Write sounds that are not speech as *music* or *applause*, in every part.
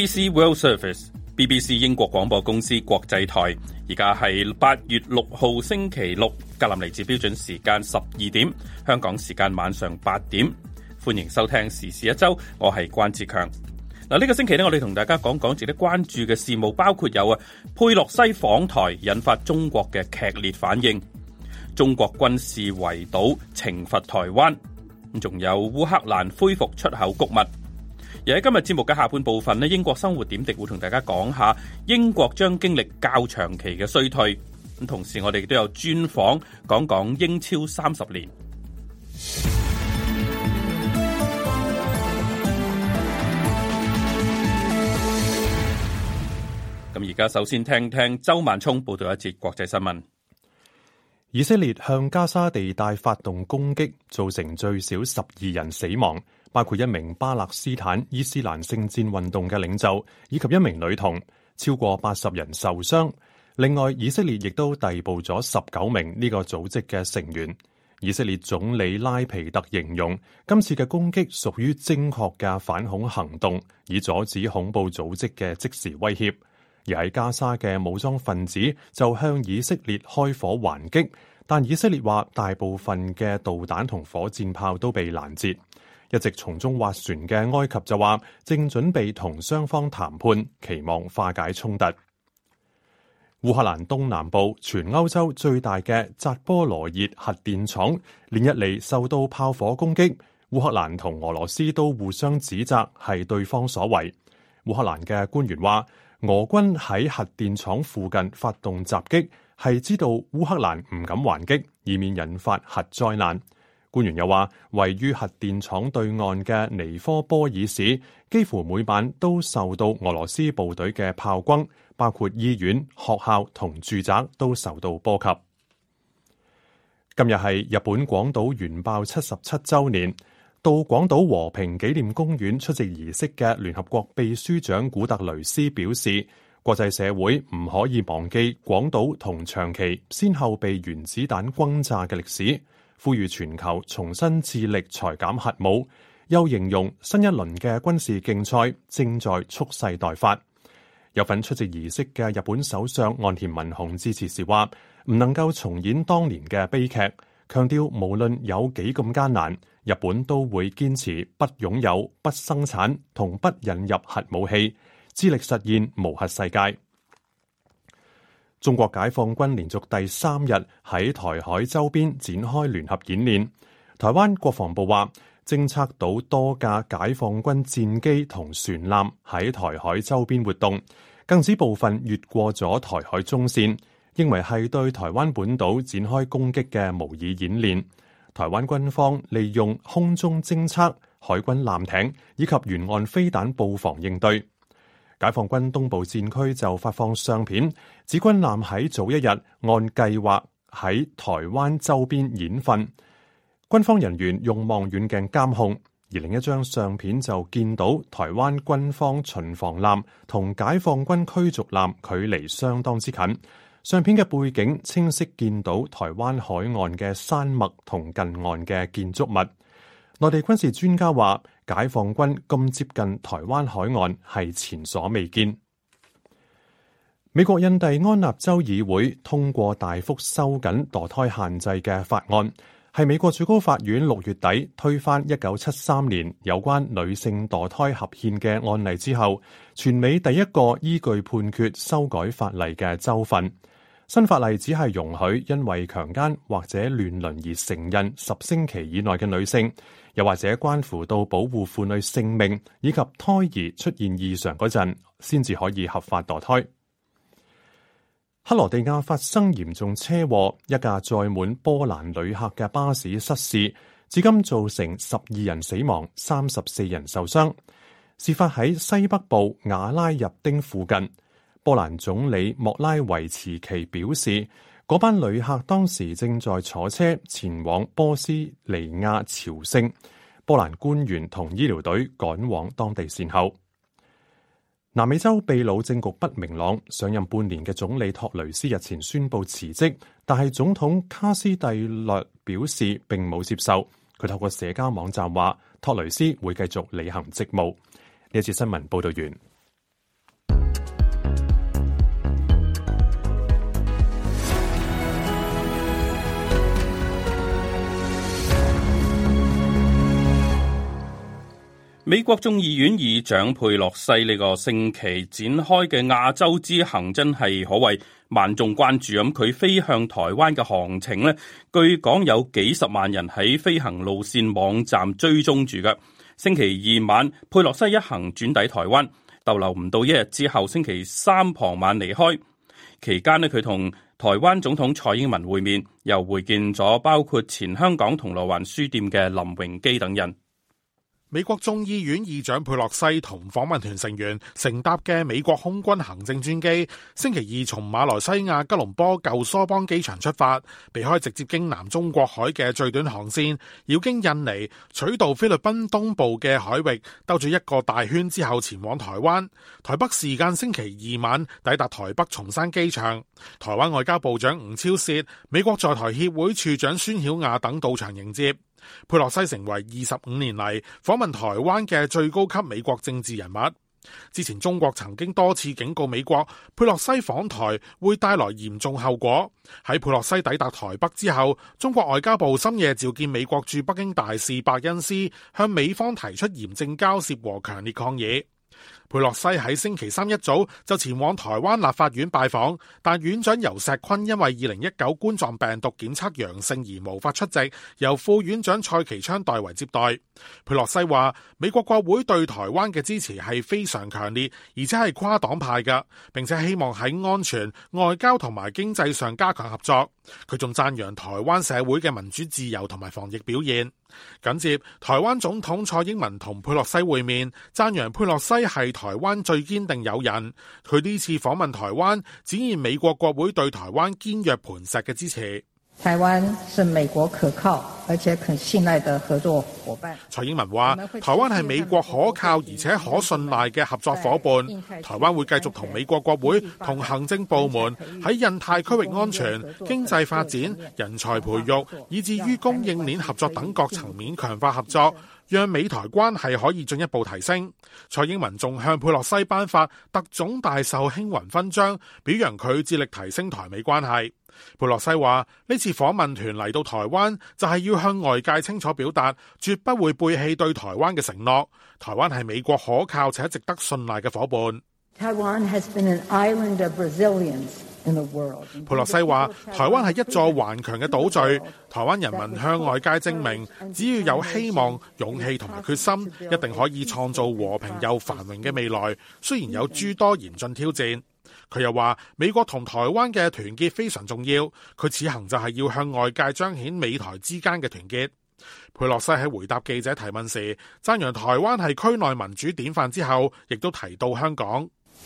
BBC World Service，BBC 英國廣播公司國際台，而家係八月六號星期六，格林尼治標準時間十二點，香港時間晚上八點，歡迎收聽時事一周，我係關智強。嗱，呢個星期咧，我哋同大家講講值得關注嘅事務，包括有啊，佩洛西訪台引發中國嘅劇烈反應，中國軍事圍堵懲罰台灣，仲有烏克蘭恢復出口穀物。而喺今日節目嘅下半部分呢，英國生活點滴會同大家講下英國將經歷較長期嘅衰退。咁同時，我哋都有專訪講講英超三十年。咁而家首先聽聽周萬聰報道一節國際新聞。以色列向加沙地帶發動攻擊，造成最少十二人死亡。包括一名巴勒斯坦伊斯蘭聖戰運動嘅領袖，以及一名女童，超過八十人受傷。另外，以色列亦都逮捕咗十九名呢個組織嘅成員。以色列總理拉皮特形容，今次嘅攻擊屬於精確嘅反恐行動，以阻止恐怖組織嘅即時威脅。而喺加沙嘅武裝分子就向以色列開火還擊，但以色列話大部分嘅導彈同火箭炮都被攔截。一直從中斡旋嘅埃及就話，正準備同雙方談判，期望化解衝突。烏克蘭東南部全歐洲最大嘅扎波羅熱核電廠，連日嚟受到炮火攻擊。烏克蘭同俄羅斯都互相指責係對方所為。烏克蘭嘅官員話，俄軍喺核電廠附近發動襲擊，係知道烏克蘭唔敢還擊，以免引發核災難。官員又話，位於核電廠對岸嘅尼科波爾市，幾乎每晚都受到俄羅斯部隊嘅炮轟，包括醫院、學校同住宅都受到波及。今日係日本廣島原爆七十七周年，到廣島和平紀念公園出席儀式嘅聯合國秘書長古特雷斯表示，國際社會唔可以忘記廣島同長崎先後被原子彈轟炸嘅歷史。呼籲全球重新致力裁減核武，又形容新一輪嘅軍事競賽正在蓄勢待發。有份出席儀式嘅日本首相岸田文雄致辭時話：唔能夠重演當年嘅悲劇，強調無論有幾咁艱難，日本都會堅持不擁有、不生產同不引入核武器，致力實現無核世界。中國解放軍連續第三日喺台海周邊展開聯合演練。台灣國防部話，偵測到多架解放軍戰機同船艦喺台海周邊活動，更指部分越過咗台海中線，認為係對台灣本島展開攻擊嘅模擬演練。台灣軍方利用空中偵測、海軍艦艇以及沿岸飛彈布防應對。解放軍東部戰區就發放相片，指軍艦喺早一日按計劃喺台灣周邊演訓，軍方人員用望遠鏡監控，而另一張相片就見到台灣軍方巡防艦同解放軍驅逐艦距離相當之近，相片嘅背景清晰見到台灣海岸嘅山脈同近岸嘅建築物。內地軍事專家話。解放軍咁接近台灣海岸係前所未見。美國印第安納州議會通過大幅收緊墮胎限制嘅法案，係美國最高法院六月底推翻一九七三年有關女性墮胎合憲嘅案例之後，全美第一個依據判決修改法例嘅州份。新法例只係容許因為強姦或者亂倫而承孕十星期以內嘅女性，又或者關乎到保護婦女性命以及胎兒出現異常嗰陣，先至可以合法墮胎。克羅地亞發生嚴重車禍，一架載滿波蘭旅客嘅巴士失事，至今造成十二人死亡、三十四人受傷。事發喺西北部瓦拉日丁附近。波蘭總理莫拉維茨奇表示，嗰班旅客當時正在坐車前往波斯尼亞朝聖。波蘭官員同醫療隊趕往當地善後。南美洲秘魯政局不明朗，上任半年嘅總理托雷斯日前宣布辭職，但係總統卡斯蒂略表示並冇接受。佢透過社交網站話，托雷斯會繼續履行職務。呢次新聞報道完。美國眾議院議長佩洛西呢個星期展開嘅亞洲之行，真係可謂萬眾關注。咁佢飛向台灣嘅航程呢，據講有幾十萬人喺飛行路線網站追蹤住嘅。星期二晚，佩洛西一行轉抵台灣，逗留唔到一日之後，星期三傍晚離開。期間呢，佢同台灣總統蔡英文會面，又會見咗包括前香港銅鑼灣書店嘅林榮基等人。美國眾議院議長佩洛西同訪問團成員乘搭嘅美國空軍行政專機，星期二從馬來西亞吉隆坡舊梳邦機場出發，避開直接經南中國海嘅最短航線，繞經印尼取道菲律賓東部嘅海域兜住一個大圈之後前往台灣。台北時間星期二晚抵達台北松山機場，台灣外交部長吳釗燮、美國在台協會處長孫曉雅等到場迎接。佩洛西成為二十五年嚟訪問台灣嘅最高級美國政治人物。之前中國曾經多次警告美國，佩洛西訪台會帶來嚴重後果。喺佩洛西抵達台北之後，中國外交部深夜召見美國駐北京大使伯恩斯，向美方提出嚴正交涉和強烈抗議。佩洛西喺星期三一早就前往台灣立法院拜訪，但院長游錫堃因為二零一九冠狀病毒檢測陽性而無法出席，由副院長蔡其昌代為接待。佩洛西話：美國國會對台灣嘅支持係非常強烈，而且係跨黨派嘅，並且希望喺安全、外交同埋經濟上加強合作。佢仲讚揚台灣社會嘅民主自由同埋防疫表現。緊接台灣總統蔡英文同佩洛西會面，讚揚佩洛西係台灣最堅定友人，佢呢次訪問台灣，展現美國國會對台灣堅若磐石嘅支持。台灣是美國可靠而且可信賴的合作伙伴。蔡英文話：台灣係美國可靠而且可信賴嘅合作伙伴。台灣會繼續同美國國會同行政部門喺印太區域安全、經濟發展、人才培育，以至於供應鏈合作等各層面強化合作。讓美台關係可以進一步提升。蔡英文仲向佩洛西頒發特種大綬卿雲勳章，表揚佢致力提升台美關係。佩洛西話：呢次訪問團嚟到台灣，就係、是、要向外界清楚表達，絕不會背棄對台灣嘅承諾。台灣係美國可靠且值得信賴嘅伙伴。佩洛西話：台灣係一座頑強嘅島嶼，台灣人民向外界證明，只要有希望、勇氣同埋決心，一定可以創造和平又繁榮嘅未來。雖然有諸多嚴峻挑戰，佢又話美國同台灣嘅團結非常重要。佢此行就係要向外界彰顯美台之間嘅團結。佩洛西喺回答記者提問時，讚揚台灣係區內民主典範之後，亦都提到香港。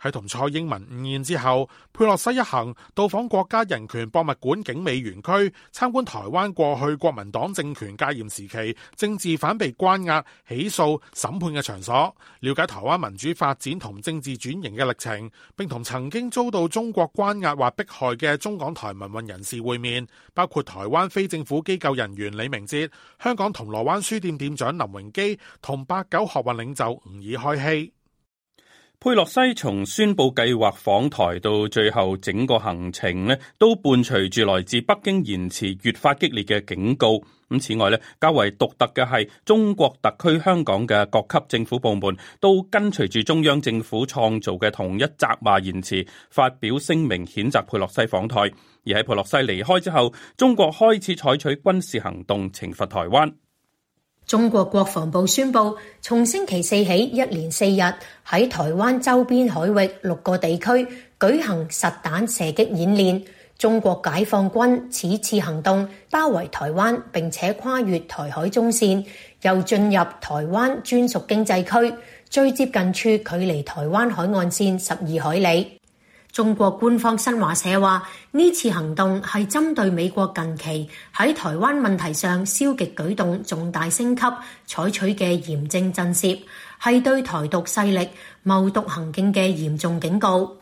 喺同蔡英文午宴之後，佩洛西一行到訪國家人權博物館景美園區，參觀台灣過去國民黨政權戒嚴時期政治犯被關押、起訴、審判嘅場所，了解台灣民主發展同政治轉型嘅歷程，並同曾經遭到中國關押或迫害嘅中港台民運人士會面，包括台灣非政府機構人員李明哲、香港銅鑼灣書店店長林榮基同八九學運領袖吾爾開希。佩洛西從宣布計劃訪台到最後整個行程咧，都伴隨住來自北京言辭越發激烈嘅警告。咁此外咧，較為獨特嘅係中國特區香港嘅各級政府部門都跟隨住中央政府創造嘅同一責罵言辭發表聲明，譴責佩洛西訪台。而喺佩洛西離開之後，中國開始採取軍事行動，懲罰台灣。中國國防部宣佈，從星期四起，一連四日喺台灣周邊海域六個地區舉行實彈射擊演練。中國解放軍此次行動包圍台灣，並且跨越台海中線，又進入台灣專屬經濟區，最接近處距離台灣海岸線十二海里。中國官方新華社話，呢次行動係針對美國近期喺台灣問題上消極舉動重大升級採取嘅嚴正震懾，係對台獨勢力謀獨行徑嘅嚴重警告。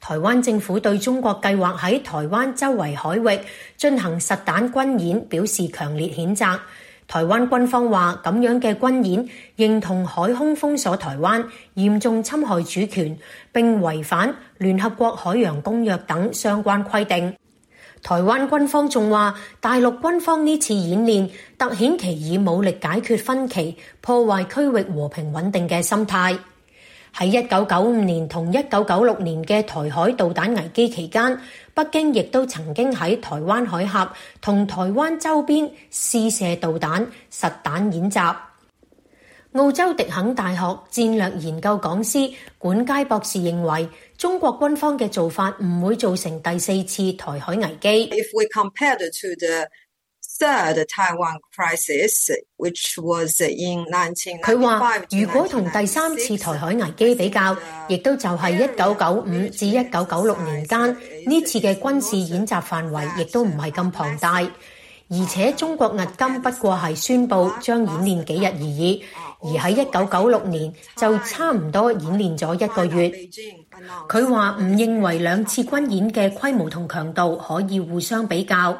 台灣政府對中國計劃喺台灣周圍海域進行實彈軍演表示強烈譴責。台灣軍方話：咁樣嘅軍演，認同海空封鎖台灣，嚴重侵害主權，並違反聯合國海洋公約等相關規定。台灣軍方仲話：大陸軍方呢次演練，凸顯其以武力解決分歧、破壞區域和平穩定嘅心態。喺一九九五年同一九九六年嘅台海導彈危機期間，北京亦都曾經喺台灣海峽同台灣周邊試射導彈、實彈演習。澳洲迪肯大學戰略研究講師管佳博士認為，中國軍方嘅做法唔會造成第四次台海危機。If we 佢話：如果同第三次台海危機比較，亦都就係一九九五至一九九六年間呢次嘅軍事演習範圍，亦都唔係咁龐大，而且中國日金不過係宣布將演練幾日而已，而喺一九九六年就差唔多演練咗一個月。佢話唔認為兩次軍演嘅規模同強度可以互相比較。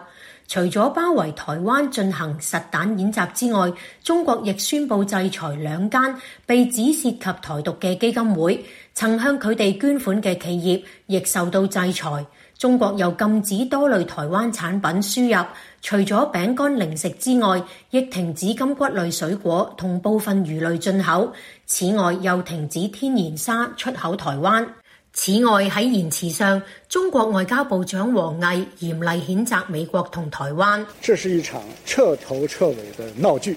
除咗包圍台灣進行實彈演習之外，中國亦宣布制裁兩間被指涉及台獨嘅基金會，曾向佢哋捐款嘅企業亦受到制裁。中國又禁止多類台灣產品輸入，除咗餅乾零食之外，亦停止柑橘類水果同部分魚類進口。此外，又停止天然砂出口台灣。此外，喺言辭上，中國外交部長王毅嚴厲譴責美國同台灣。這是一場徹頭徹尾的鬧劇。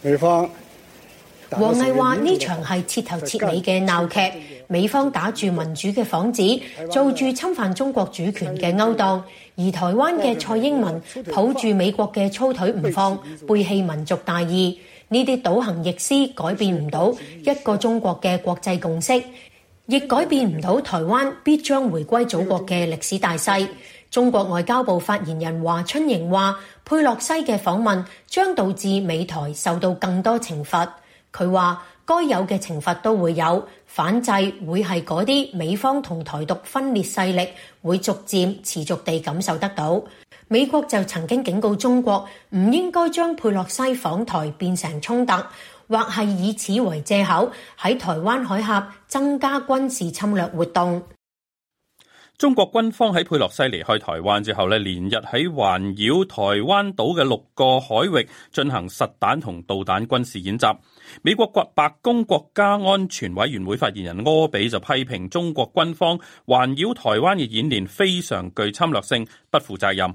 美方王毅話呢場係徹頭徹尾嘅鬧劇，美方打住民主嘅幌子，做住侵犯中國主權嘅勾當，而台灣嘅蔡英文抱住美國嘅粗腿唔放，背棄民族大義，呢啲倒行逆施改變唔到一個中國嘅國際共識，亦改變唔到台灣必將回歸祖國嘅歷史大勢。中國外交部發言人華春瑩話，佩洛西嘅訪問將導致美台受到更多懲罰。佢話，該有嘅懲罰都會有，反制會係嗰啲美方同台獨分裂勢力會逐漸持續地感受得到。美國就曾經警告中國，唔應該將佩洛西訪台變成衝突，或係以此為借口喺台灣海峽增加軍事侵略活動。中國軍方喺佩洛西離開台灣之後咧，連日喺環繞台灣島嘅六個海域進行實彈同導彈軍事演習。美國國白宮國家安全委員會發言人柯比就批評中國軍方環繞台灣嘅演練非常具侵略性，不負責任。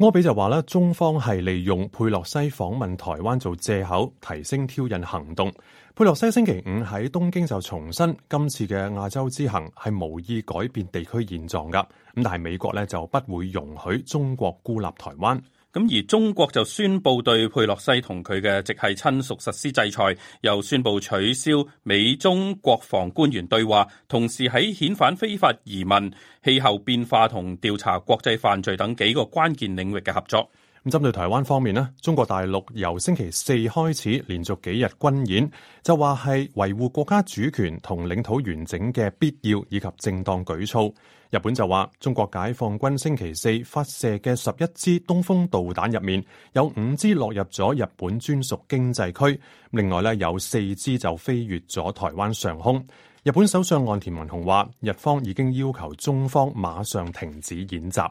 柯比就話咧，中方係利用佩洛西訪問台灣做借口，提升挑釁行動。佩洛西星期五喺東京就重申，今次嘅亞洲之行係無意改變地區現狀噶。咁但係美國咧就不會容許中國孤立台灣。咁而中國就宣佈對佩洛西同佢嘅直系親屬實施制裁，又宣佈取消美中國防官員對話，同時喺遣返非法移民、氣候變化同調查國際犯罪等幾個關鍵領域嘅合作。咁針對台灣方面咧，中國大陸由星期四開始連續幾日軍演，就話係維護國家主權同領土完整嘅必要以及正當舉措。日本就話，中國解放軍星期四發射嘅十一支東風導彈入面，有五支落入咗日本專屬經濟區，另外咧有四支就飛越咗台灣上空。日本首相岸田文雄話，日方已經要求中方馬上停止演習。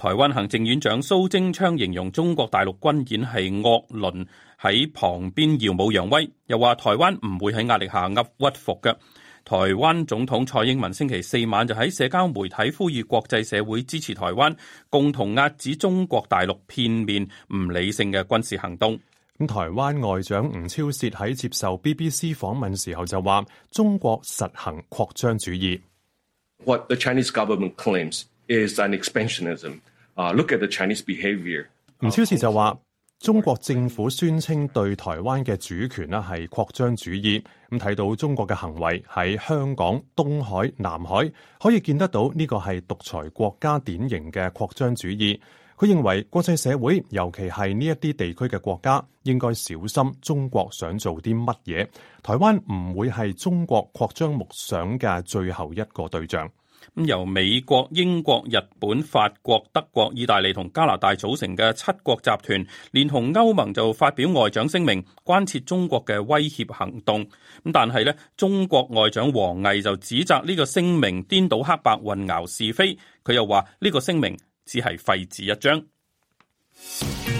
台灣行政院長蘇貞昌形容中國大陸軍演係惡鄰喺旁邊耀武揚威，又話台灣唔會喺壓力下屈服嘅。台灣總統蔡英文星期四晚就喺社交媒體呼籲國際社會支持台灣，共同遏止中國大陸片面唔理性嘅軍事行動。咁台灣外長吳釗燮喺接受 BBC 訪問時候就話：中國實行擴張主義。What the Chinese government claims is an expansionism. 啊！Look at the Chinese behavior。吳超士就話，中國政府宣稱對台灣嘅主權咧係擴張主義。咁睇到中國嘅行為喺香港、東海、南海，可以見得到呢個係獨裁國家典型嘅擴張主義。佢認為國際社會，尤其係呢一啲地區嘅國家，應該小心中國想做啲乜嘢。台灣唔會係中國擴張夢想嘅最後一個對象。咁由美國、英國、日本、法國、德國、意大利同加拿大組成嘅七國集團，連同歐盟就發表外長聲明，關切中國嘅威脅行動。咁但係咧，中國外長王毅就指責呢個聲明顛倒黑白、混淆是非。佢又話呢個聲明只係廢紙一張。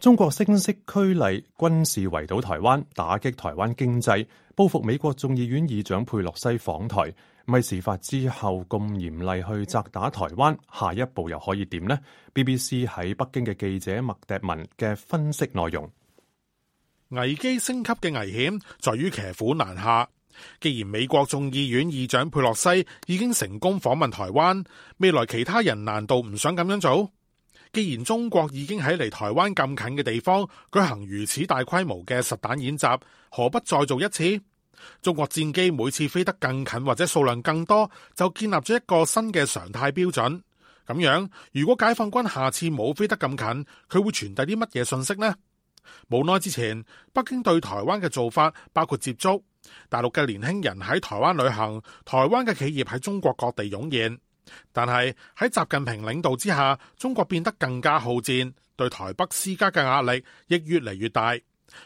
中國聲色俱厲軍事圍堵台灣，打擊台灣經濟，報復美國眾議院議長佩洛西訪台，咪事發之後咁嚴厲去責打台灣，下一步又可以點呢？BBC 喺北京嘅記者麥迪文嘅分析內容：危機升級嘅危險在於騎虎難下。既然美國眾議院議長佩洛西已經成功訪問台灣，未來其他人難道唔想咁樣做？既然中國已經喺離台灣咁近嘅地方舉行如此大規模嘅實彈演習，何不再做一次？中國戰機每次飛得更近或者數量更多，就建立咗一個新嘅常態標準。咁樣，如果解放軍下次冇飛得咁近，佢會傳遞啲乜嘢信息呢？無奈之前，北京對台灣嘅做法包括接觸，大陸嘅年輕人喺台灣旅行，台灣嘅企業喺中國各地湧現。但係喺習近平領導之下，中國變得更加好戰，對台北施加嘅壓力亦越嚟越大。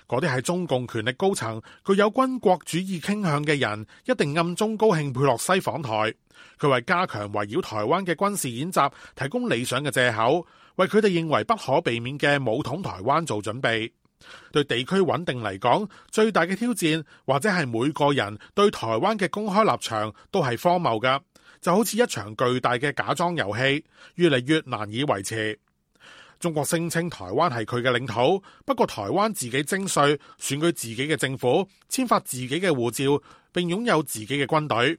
嗰啲係中共權力高層具有軍國主義傾向嘅人，一定暗中高興佩洛西訪台，佢為加強圍繞台灣嘅軍事演習提供理想嘅借口，為佢哋認為不可避免嘅武統台灣做準備。對地區穩定嚟講，最大嘅挑戰或者係每個人對台灣嘅公開立場都係荒謬㗎。就好似一場巨大嘅假裝遊戲，越嚟越難以維持。中國聲稱台灣係佢嘅領土，不過台灣自己徵稅、選舉自己嘅政府、簽發自己嘅護照，並擁有自己嘅軍隊。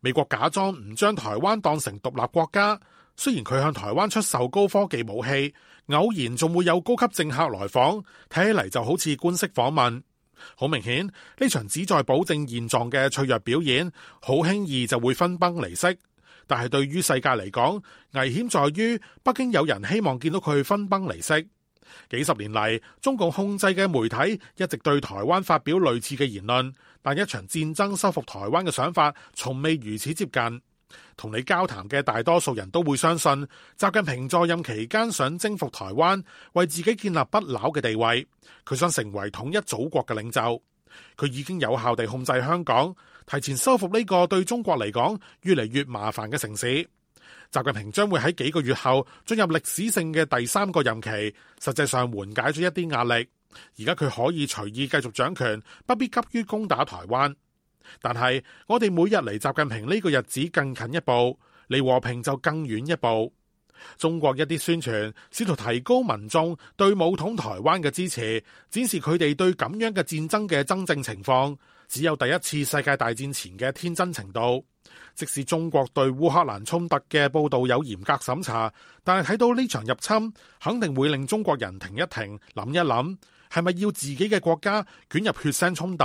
美國假裝唔將台灣當成獨立國家，雖然佢向台灣出售高科技武器，偶然仲會有高級政客來訪，睇起嚟就好似官式訪問。好明顯，呢場旨在保證現狀嘅脆弱表演，好輕易就會分崩離析。但係對於世界嚟講，危險在於北京有人希望見到佢分崩離析。幾十年嚟，中共控制嘅媒體一直對台灣發表類似嘅言論，但一場戰爭收復台灣嘅想法，從未如此接近。同你交談嘅大多數人都會相信，習近平在任期間想征服台灣，為自己建立不朽嘅地位。佢想成為統一祖國嘅領袖。佢已經有效地控制香港，提前收復呢個對中國嚟講越嚟越麻煩嘅城市。習近平將會喺幾個月後進入歷史性嘅第三個任期，實際上緩解咗一啲壓力。而家佢可以隨意繼續掌權，不必急於攻打台灣。但係我哋每日離習近平呢個日子更近一步，離和平就更遠一步。中國一啲宣傳試圖提高民眾對武統台灣嘅支持，展示佢哋對咁樣嘅戰爭嘅真正情況，只有第一次世界大戰前嘅天真程度。即使中國對烏克蘭衝突嘅報道有嚴格審查，但係睇到呢場入侵，肯定會令中國人停一停，諗一諗，係咪要自己嘅國家捲入血腥衝突？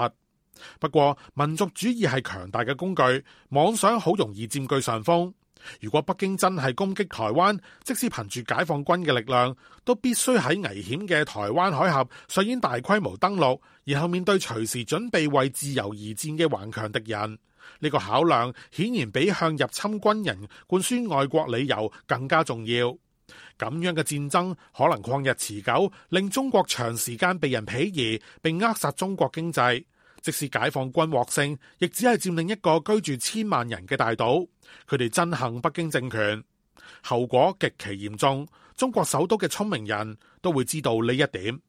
不過，民族主義係強大嘅工具，妄想好容易佔據上風。如果北京真係攻擊台灣，即使憑住解放軍嘅力量，都必須喺危險嘅台灣海峽上演大規模登陸，然後面對隨時準備為自由而戰嘅頑強敵人。呢個考量顯然比向入侵軍人灌輸外國理由更加重要。咁樣嘅戰爭可能曠日持久，令中國長時間被人鄙夷，並扼殺中國經濟。即使解放軍獲勝，亦只係佔領一個居住千萬人嘅大島，佢哋憎恨北京政權，後果極其嚴重。中國首都嘅聰明人都會知道呢一點。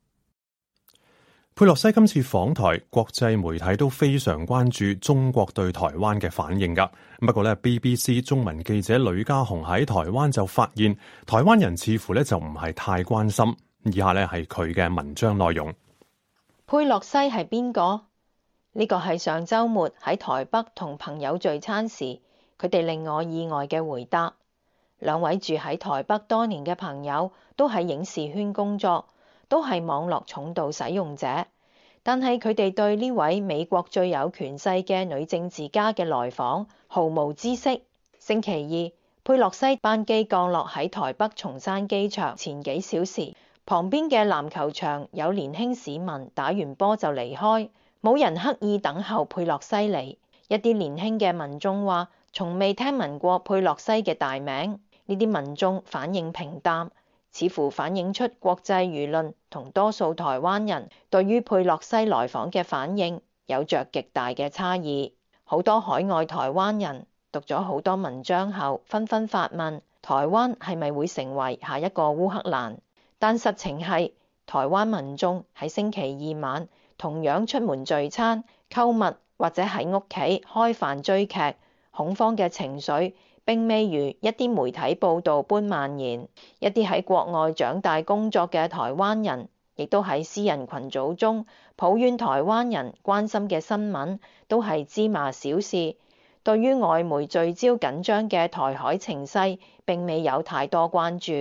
佩洛西今次訪台，國際媒體都非常關注中國對台灣嘅反應噶。不過呢，BBC 中文記者呂家鴻喺台灣就發現，台灣人似乎呢就唔係太關心。以下呢係佢嘅文章內容。佩洛西係邊個？呢個係上周末喺台北同朋友聚餐時，佢哋令我意外嘅回答。兩位住喺台北多年嘅朋友都喺影視圈工作，都係網絡重度使用者，但係佢哋對呢位美國最有權勢嘅女政治家嘅來訪毫無知識。星期二，佩洛西班機降落喺台北松山機場前幾小時，旁邊嘅籃球場有年輕市民打完波就離開。冇人刻意等候佩洛西嚟，一啲年輕嘅民眾話從未聽聞過佩洛西嘅大名。呢啲民眾反應平淡，似乎反映出國際輿論同多數台灣人對於佩洛西來訪嘅反應有着極大嘅差異，好多海外台灣人讀咗好多文章後紛紛發問，台灣係咪會成為下一個烏克蘭，但實情係台灣民眾喺星期二晚，同樣出門聚餐、購物或者喺屋企開飯追劇，恐慌嘅情緒並未如一啲媒體報導般蔓延。一啲喺國外長大工作嘅台灣人，亦都喺私人群組中抱怨台灣人關心嘅新聞都係芝麻小事。對於外媒聚焦緊張嘅台海情勢，並未有太多關注。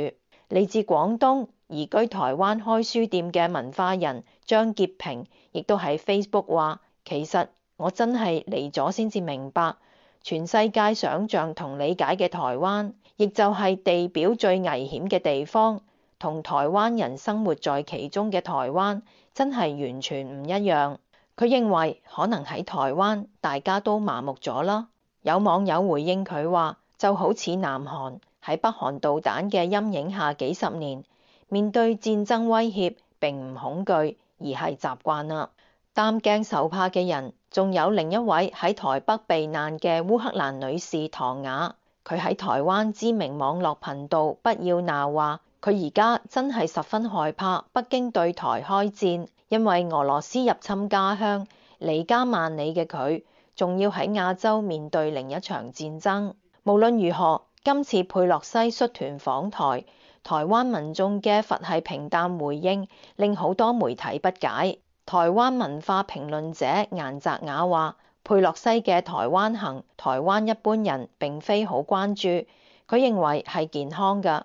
嚟自廣東。移居台灣開書店嘅文化人張潔平亦都喺 Facebook 話：其實我真係嚟咗先至明白，全世界想象同理解嘅台灣，亦就係地表最危險嘅地方，同台灣人生活在其中嘅台灣真係完全唔一樣。佢認為可能喺台灣大家都麻木咗啦。有網友回應佢話：就好似南韓喺北韓導彈嘅陰影下幾十年。面對戰爭威脅，並唔恐懼，而係習慣啦。擔驚受怕嘅人，仲有另一位喺台北避難嘅烏克蘭女士唐雅。佢喺台灣知名網絡頻道不要鬧話，佢而家真係十分害怕北京對台開戰，因為俄羅斯入侵家鄉，離家萬里嘅佢，仲要喺亞洲面對另一場戰爭。無論如何，今次佩洛西率團訪台，台灣民眾嘅佛系平淡回應，令好多媒體不解。台灣文化評論者顏澤雅話：佩洛西嘅台灣行，台灣一般人並非好關注。佢認為係健康㗎。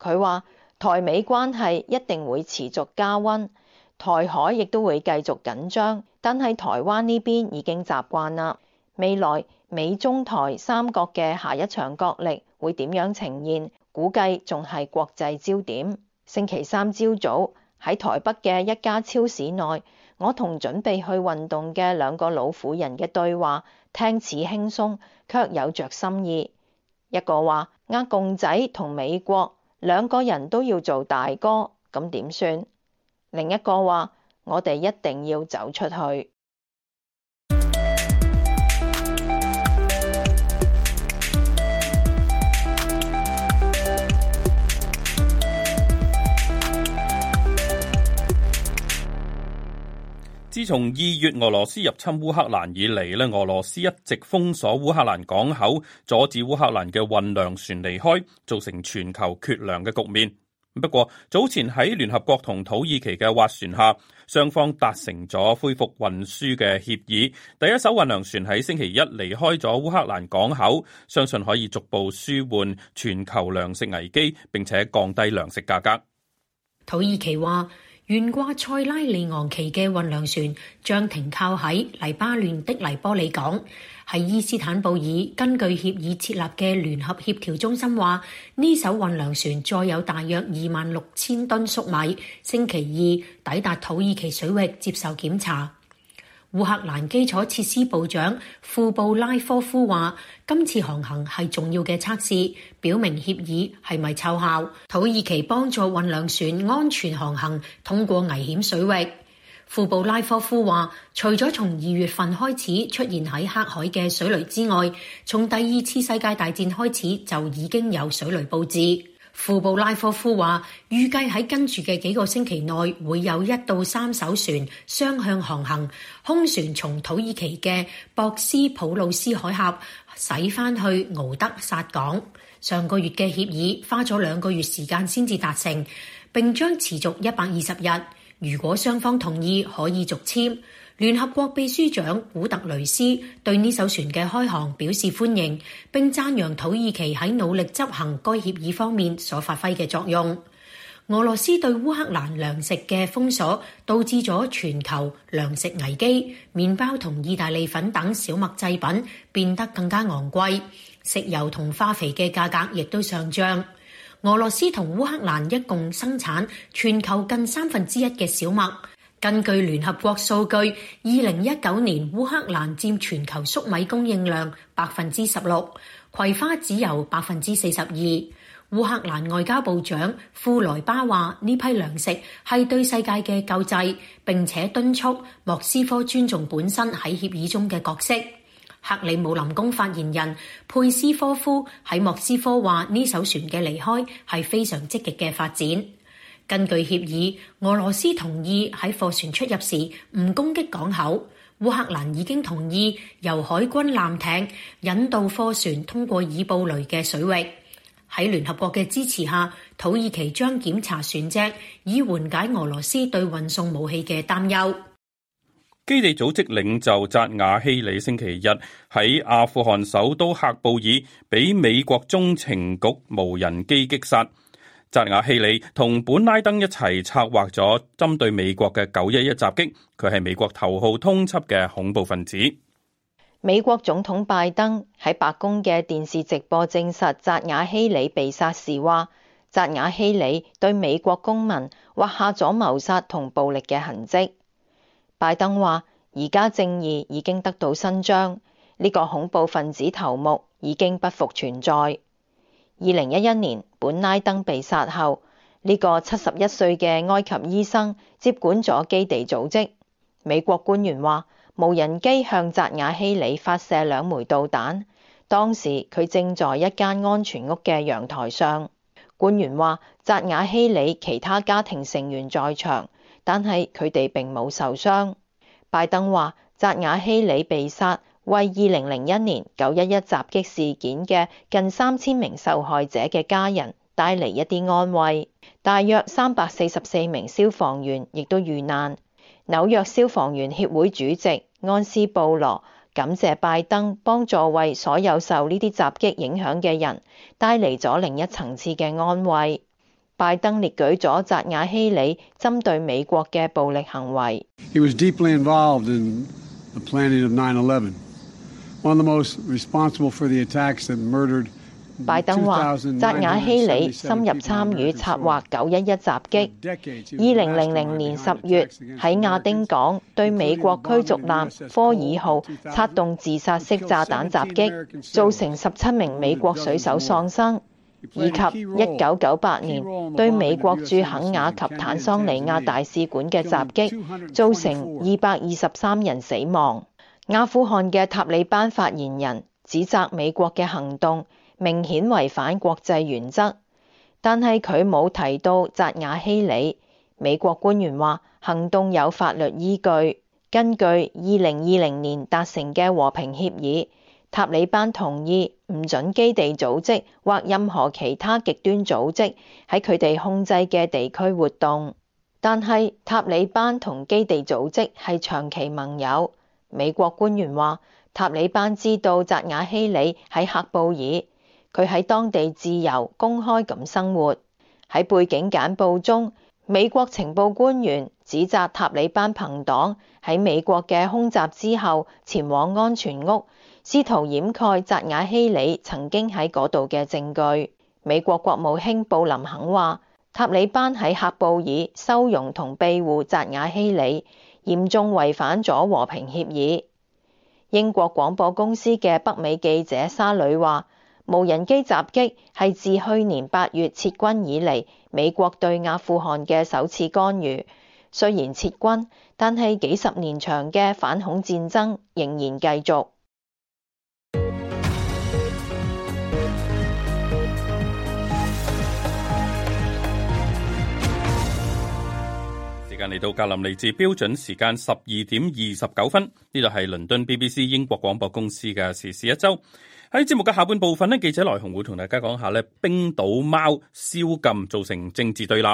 佢話：台美關係一定會持續加温，台海亦都會繼續緊張，但喺台灣呢邊已經習慣啦。未來美中台三國嘅下一場角力會點樣呈現？估計仲係國際焦點。星期三朝早喺台北嘅一家超市內，我同準備去運動嘅兩個老婦人嘅對話，聽似輕鬆，卻有着深意。一個話：呃共仔同美國兩個人都要做大哥，咁點算？另一個話：我哋一定要走出去。自從二月俄羅斯入侵烏克蘭以嚟咧，俄羅斯一直封鎖烏克蘭港口，阻止烏克蘭嘅運糧船離開，造成全球缺糧嘅局面。不過早前喺聯合國同土耳其嘅斡旋下，雙方達成咗恢復運輸嘅協議。第一艘運糧船喺星期一離開咗烏克蘭港口，相信可以逐步舒緩全球糧食危機，並且降低糧食價格。土耳其話。懸掛塞拉利昂旗嘅運糧船將停靠喺黎巴嫩的黎波里港，喺伊斯坦布爾根據協議設立嘅聯合協調中心話，呢艘運糧船載有大約二萬六千噸粟米，星期二抵達土耳其水域接受檢查。烏克蘭基礎設施部長庫布拉科夫話：今次航行係重要嘅測試，表明協議係咪湊效。土耳其幫助運糧船安全航行通過危險水域。庫布拉科夫話：除咗從二月份開始出現喺黑海嘅水雷之外，從第二次世界大戰開始就已經有水雷布置。庫布拉科夫話：預計喺跟住嘅幾個星期內會有一到三艘船雙向航行。空船從土耳其嘅博斯普魯斯海峽駛返去敖德薩港。上個月嘅協議花咗兩個月時間先至達成，並將持續一百二十日。如果雙方同意，可以續簽。聯合國秘書長古特雷斯對呢艘船嘅開航表示歡迎，並讚揚土耳其喺努力執行該協議方面所發揮嘅作用。俄羅斯對烏克蘭糧食嘅封鎖，導致咗全球糧食危機，麵包同意大利粉等小麥製品變得更加昂貴，石油同化肥嘅價格亦都上漲。俄羅斯同烏克蘭一共生產全球近三分之一嘅小麥。根據聯合國數據，二零一九年烏克蘭佔全球粟米供應量百分之十六，葵花籽油百分之四十二。烏克蘭外交部長庫萊巴話：呢批糧食係對世界嘅救濟，並且敦促莫斯科尊重本身喺協議中嘅角色。克里姆林宮發言人佩斯科夫喺莫斯科話：呢艘船嘅離開係非常積極嘅發展。根據協議，俄羅斯同意喺貨船出入時唔攻擊港口。烏克蘭已經同意由海軍艦艇引導貨船通過已佈雷嘅水域。喺聯合國嘅支持下，土耳其將檢查船隻，以緩解俄羅斯對運送武器嘅擔憂。基地組織領袖扎瓦希里星期日喺阿富汗首都喀布爾被美國中情局無人機擊殺。扎瓦希里同本拉登一齊策劃咗針對美國嘅九一一襲擊，佢係美國頭號通緝嘅恐怖分子。美國總統拜登喺白宮嘅電視直播證實扎瓦希里被殺時，話：扎瓦希里對美國公民畫下咗謀殺同暴力嘅痕跡。拜登話：而家正義已經得到伸張，呢個恐怖分子頭目已經不復存在。二零一一年本拉登被殺後，呢個七十一歲嘅埃及醫生接管咗基地組織。美國官員話。無人機向扎瓦希里發射兩枚導彈。當時佢正在一間安全屋嘅陽台上。官員話：扎瓦希里其他家庭成員在場，但係佢哋並冇受傷。拜登話：扎瓦希里被殺為二零零一年九一一襲擊事件嘅近三千名受害者嘅家人帶嚟一啲安慰。大約三百四十四名消防員亦都遇難。紐約消防員協會主席安斯布羅感謝拜登幫助為所有受呢啲襲擊影響嘅人帶嚟咗另一層次嘅安慰。拜登列舉咗扎瓦希里針對美國嘅暴力行為。He was 拜登話：扎瓦希里深入參與策劃九一一襲擊。二零零零年十月喺亞丁港對美國驅逐艦科爾號策動自殺式炸彈襲擊，造成十七名美國水手喪生，以及一九九八年對美國駐肯亞及坦桑尼亞大使館嘅襲擊，造成二百二十三人死亡。阿富汗嘅塔利班發言人指責美國嘅行動，明顯違反國際原則，但係佢冇提到扎瓦希里。美國官員話行動有法律依據，根據二零二零年達成嘅和平協議，塔利班同意唔准基地組織或任何其他極端組織喺佢哋控制嘅地區活動。但係塔利班同基地組織係長期盟友。美國官員話塔利班知道扎瓦希里喺喀布爾。佢喺當地自由公開咁生活。喺背景簡報中，美國情報官員指責塔利班朋黨喺美國嘅空襲之後前往安全屋，試圖掩蓋扎瓦希里曾經喺嗰度嘅證據。美國國務卿布林肯話：塔利班喺喀布爾收容同庇護扎瓦希里，嚴重違反咗和平協議。英國廣播公司嘅北美記者沙里話。無人機襲擊係自去年八月撤軍以嚟，美國對阿富汗嘅首次干預。雖然撤軍，但係幾十年長嘅反恐戰爭仍然繼續。時間嚟到格林尼治標準時間十二點二十九分，呢度係倫敦 BBC 英國廣播公司嘅時事一周。喺節目嘅下半部分呢，記者來鴻會同大家講下咧，冰島貓宵禁造成政治對立，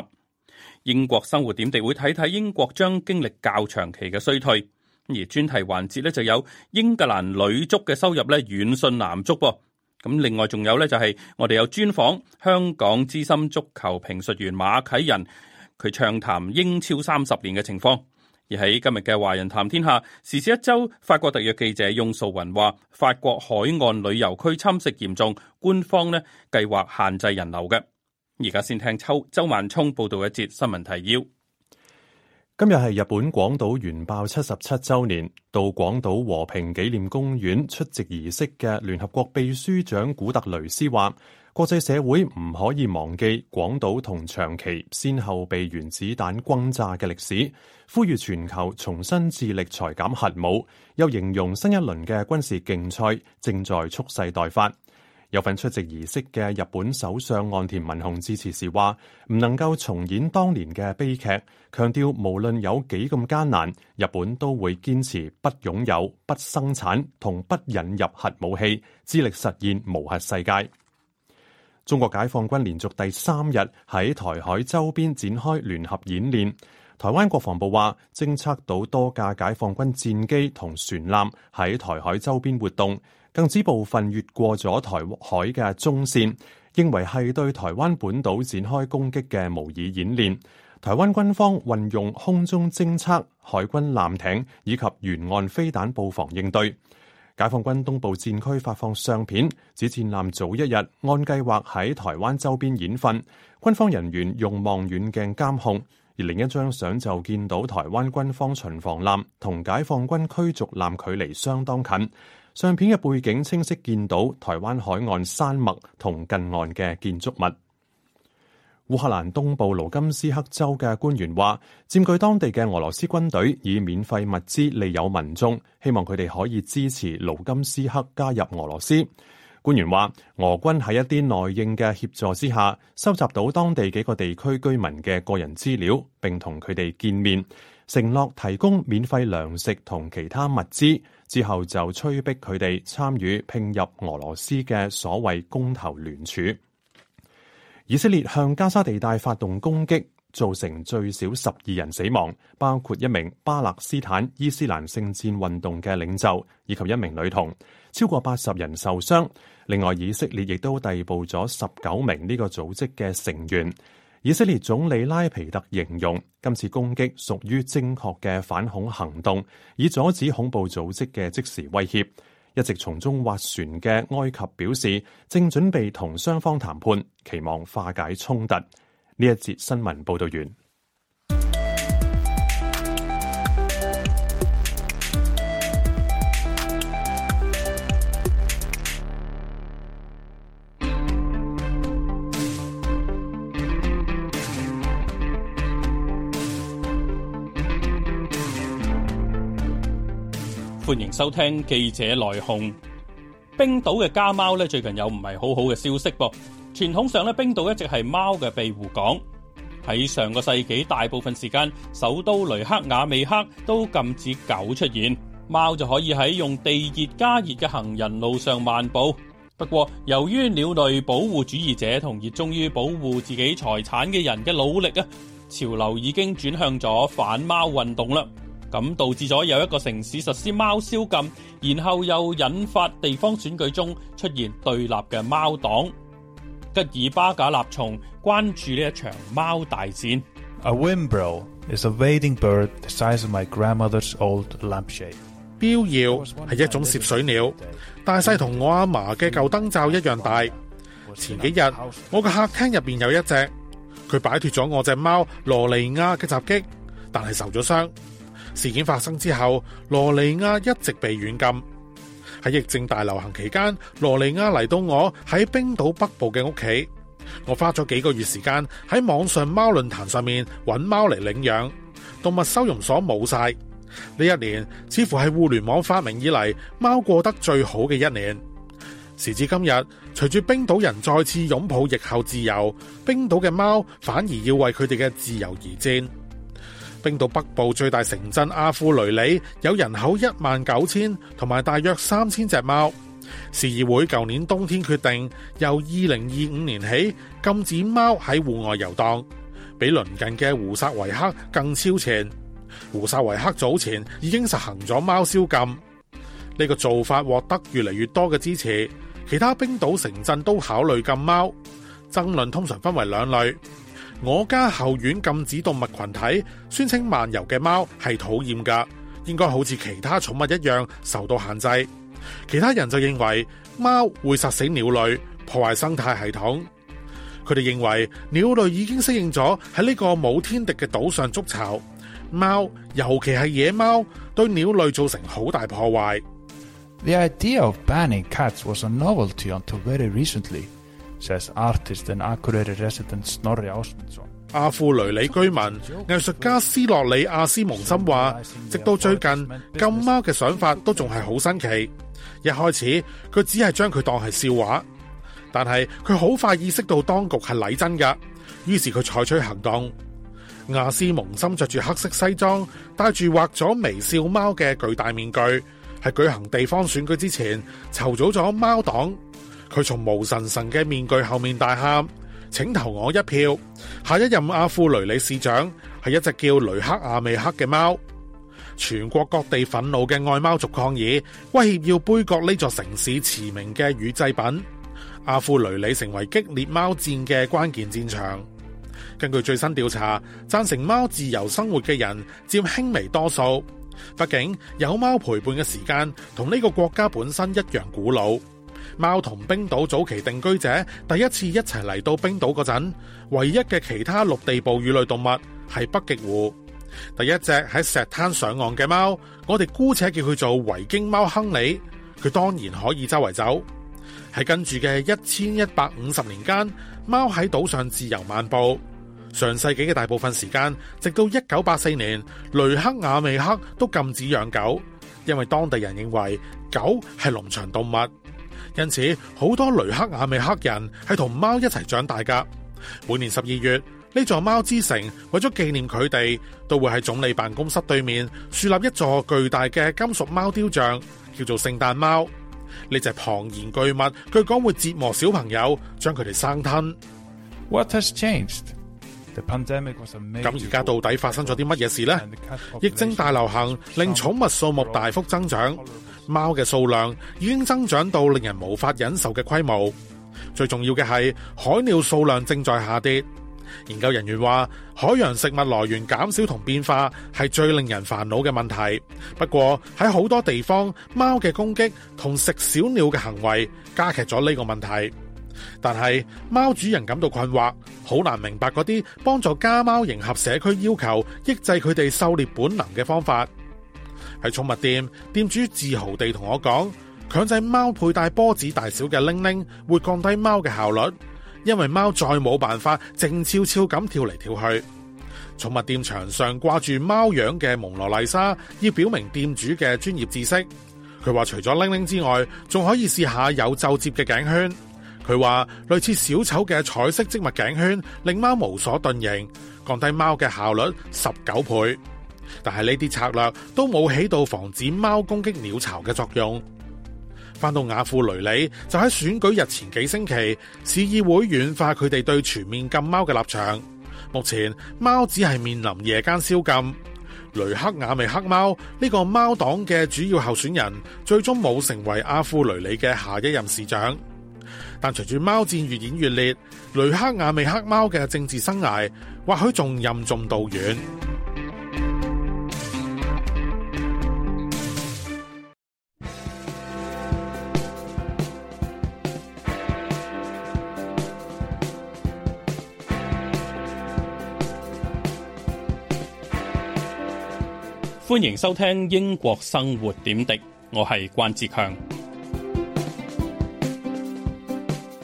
英國生活點滴會睇睇英國將經歷較長期嘅衰退，而專題環節呢就有英格蘭女足嘅收入咧遠遜男足噃，咁另外仲有咧就係我哋有專訪香港資深足球評述員馬啟仁，佢暢談英超三十年嘅情況。而喺今日嘅《華人談天下》，時事一周，法國特約記者用素云話：法國海岸旅遊區侵蝕嚴重，官方呢計劃限制人流嘅。而家先聽秋周、周萬聰報道一節新聞提要。今日係日本廣島原爆七十七週年，到廣島和平紀念公園出席儀式嘅聯合國秘書長古特雷斯話。國際社會唔可以忘記廣島同長崎先後被原子彈轟炸嘅歷史，呼籲全球重新致力裁減核武。又形容新一輪嘅軍事競賽正在蓄勢待發。有份出席儀式嘅日本首相岸田文雄致辭時話：唔能夠重演當年嘅悲劇，強調無論有幾咁艱難，日本都會堅持不擁有、不生產同不引入核武器，致力實現無核世界。中國解放軍連續第三日喺台海周邊展開聯合演練。台灣國防部話，偵測到多架解放軍戰機同船艦喺台海周邊活動，更指部分越過咗台海嘅中線，認為係對台灣本島展開攻擊嘅模擬演練。台灣軍方運用空中偵測、海軍艦艇以及沿岸飛彈佈防應對。解放軍東部戰區發放相片，指戰艦早一日按計劃喺台灣周邊演訓，軍方人員用望遠鏡監控，而另一張相就見到台灣軍方巡防艦同解放軍驅逐艦距離相當近，相片嘅背景清晰見到台灣海岸山脈同近岸嘅建築物。烏克蘭東部盧甘斯克州嘅官員話，佔據當地嘅俄羅斯軍隊以免費物資利誘民眾，希望佢哋可以支持盧甘斯克加入俄羅斯。官員話，俄軍喺一啲內應嘅協助之下，收集到當地幾個地區居民嘅個人資料，並同佢哋見面，承諾提供免費糧食同其他物資，之後就催逼佢哋參與並入俄羅斯嘅所謂公投聯署。以色列向加沙地帶發動攻擊，造成最少十二人死亡，包括一名巴勒斯坦伊斯蘭聖戰運動嘅領袖以及一名女童，超過八十人受傷。另外，以色列亦都逮捕咗十九名呢個組織嘅成員。以色列總理拉皮特形容今次攻擊屬於正確嘅反恐行動，以阻止恐怖組織嘅即時威脅。一直從中斡旋嘅埃及表示，正準備同雙方談判，期望化解衝突。呢一節新聞報道完。歡迎收聽記者來鴻。冰島嘅家貓咧，最近有唔係好好嘅消息噃。傳統上咧，冰島一直係貓嘅庇護港。喺上個世紀大部分時間，首都雷克雅未克都禁止狗出現，貓就可以喺用地熱加熱嘅行人路上漫步。不過，由於鳥類保護主義者同熱衷於保護自己財產嘅人嘅努力啊，潮流已經轉向咗反貓運動啦。咁導致咗有一個城市實施貓宵禁，然後又引發地方選舉中出現對立嘅貓黨。吉爾巴賈納松關注呢一場貓大戰。A whimbrel is a wading bird the size of my grandmother's old lampshade。標搖係一種涉水鳥，大細同我阿嫲嘅舊燈罩一樣大。前幾日我嘅客廳入邊有一隻，佢擺脫咗我隻貓羅莉亞嘅襲擊，但係受咗傷。事件發生之後，羅尼亞一直被軟禁。喺疫症大流行期間，羅尼亞嚟到我喺冰島北部嘅屋企。我花咗幾個月時間喺網上貓論壇上面揾貓嚟領養。動物收容所冇晒。呢一年似乎係互聯網發明以嚟貓過得最好嘅一年。時至今日，隨住冰島人再次擁抱疫後自由，冰島嘅貓反而要為佢哋嘅自由而戰。冰島北部最大城鎮阿庫雷里有人口一萬九千，同埋大約三千隻貓。市議會舊年冬天決定，由二零二五年起禁止貓喺戶外遊蕩，比鄰近嘅胡薩維克更超前。胡薩維克早前已經實行咗貓宵禁。呢個做法獲得越嚟越多嘅支持。其他冰島城鎮都考慮禁貓。爭論通常分為兩類。我家後院禁止動物群體宣稱，漫遊嘅貓係討厭㗎，應該好似其他寵物一樣受到限制。其他人就認為貓會殺死鳥類，破壞生態系統。佢哋認為鳥類已經適應咗喺呢個冇天敵嘅島上築巢，貓，尤其係野貓，對鳥類造成好大破壞。The idea of banning cats was a novelty until very recently. 阿庫雷里居民藝術家斯諾里阿斯蒙森話，直到最近禁貓嘅想法都仲係好新奇。一開始佢只係將佢當係笑話，但係佢好快意識到當局係嚟真㗎，於是佢採取行動。阿斯蒙森着住黑色西裝，戴住畫咗微笑貓嘅巨大面具，喺舉行地方選舉之前籌組咗貓黨。佢從無神神嘅面具後面大喊：請投我一票！下一任阿富雷里市長係一隻叫雷克亞美克嘅貓。全國各地憤怒嘅愛貓族抗議，威脅要杯葛呢座城市馳名嘅乳製品。阿富雷里成為激烈貓戰嘅關鍵戰場。根據最新調查，讚成貓自由生活嘅人占輕微多數。畢竟有貓陪伴嘅時間同呢個國家本身一樣古老。貓同冰島早期定居者第一次一齊嚟到冰島嗰陣，唯一嘅其他陸地哺乳類動物係北極狐。第一隻喺石灘上岸嘅貓，我哋姑且叫佢做維京貓亨利。佢當然可以周圍走，喺跟住嘅一千一百五十年間，貓喺島上自由漫步。上世紀嘅大部分時間，直到一九八四年，雷克雅未克都禁止養狗，因為當地人認為狗係農場動物。因此，好多雷克雅未克人係同貓一齊長大噶。每年十二月，呢座貓之城為咗紀念佢哋，都會喺總理辦公室對面樹立一座巨大嘅金屬貓雕像，叫做聖誕貓。呢隻龐然巨物，據講會折磨小朋友，將佢哋生吞。What has changed? The pandemic was amazing. 咁而家到底發生咗啲乜嘢事呢？疫症大流行令寵物數目大幅增長。貓嘅數量已經增長到令人無法忍受嘅規模。最重要嘅係，海鳥數量正在下跌。研究人員話，海洋食物來源減少同變化係最令人煩惱嘅問題。不過喺好多地方，貓嘅攻擊同食小鳥嘅行為加劇咗呢個問題。但係貓主人感到困惑，好難明白嗰啲幫助家貓迎合社區要求、抑制佢哋狩獵本能嘅方法。喺寵物店，店主自豪地同我講，強制貓佩戴波子大小嘅鈴鈴，會降低貓嘅效率，因為貓再冇辦法靜悄悄咁跳嚟跳去。寵物店牆上掛住貓樣嘅蒙羅麗莎，要表明店主嘅專業知識。佢話除咗鈴鈴之外，仲可以試下有皺褶嘅頸圈。佢話類似小丑嘅彩色織物頸圈，令貓無所遁形，降低貓嘅效率十九倍。但係呢啲策略，都冇起到防止貓攻擊鳥巢嘅作用。翻到雅庫雷里，就喺選舉日前幾星期，市議會軟化佢哋對全面禁貓嘅立場。目前貓只係面臨夜間宵禁。雷克雅未克黑貓呢，這個貓黨嘅主要候選人，最終冇成為阿富雷里嘅下一任市長。但隨住貓戰越演越烈，雷克雅未克黑貓嘅政治生涯或許仲任重道遠。歡迎收聽英國生活點滴，我係關志強。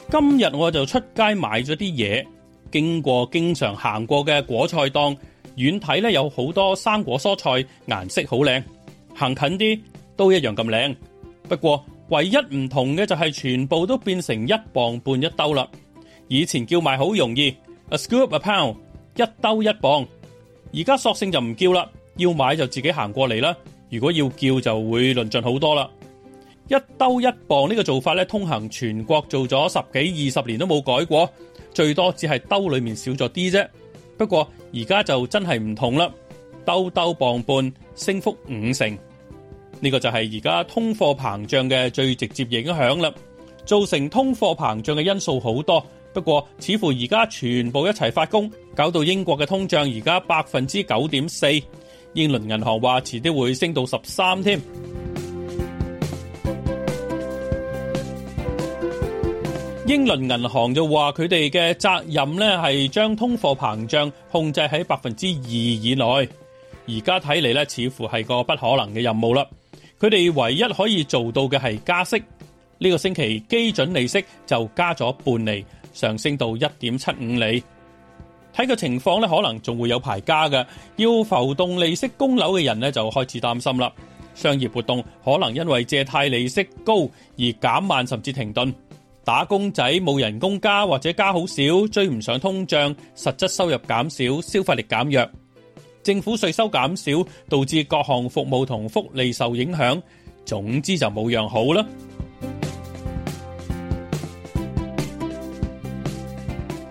今日我就出街買咗啲嘢，經過經常行過嘅果菜檔，遠睇咧有好多生果蔬菜，顏色好靚。行近啲都一樣咁靚，不過唯一唔同嘅就係全部都變成一磅半一兜啦。以前叫賣好容易，a scoop a pound，一兜一磅，而家索性就唔叫啦。要買就自己行過嚟啦，如果要叫就會論盡好多啦。一兜一磅呢個做法咧，通行全國做咗十幾二十年都冇改過，最多只係兜裏面少咗啲啫。不過而家就真係唔同啦，兜兜磅半升幅五成，呢、呢個就係而家通貨膨脹嘅最直接影響啦。造成通貨膨脹嘅因素好多，不過似乎而家全部一齊發功，搞到英國嘅通脹而家百分之九點四。英倫銀行話遲啲會升到十三添。英倫銀行就話，佢哋嘅責任咧係將通貨膨脹控制喺百分之二以內，而家睇嚟咧似乎係個不可能嘅任務啦。佢哋唯一可以做到嘅係加息。呢個星期，基準利息就加咗半厘，上升到一點七五厘。睇個情況咧，可能仲會有排加嘅，要浮動利息供樓嘅人咧就開始擔心啦。商業活動可能因為借貸利息高而減慢甚至停頓。打工仔冇人工加或者加好少，追唔上通脹，實質收入減少，消費力減弱。政府稅收減少，導致各項服務同福利受影響。總之就冇樣好啦。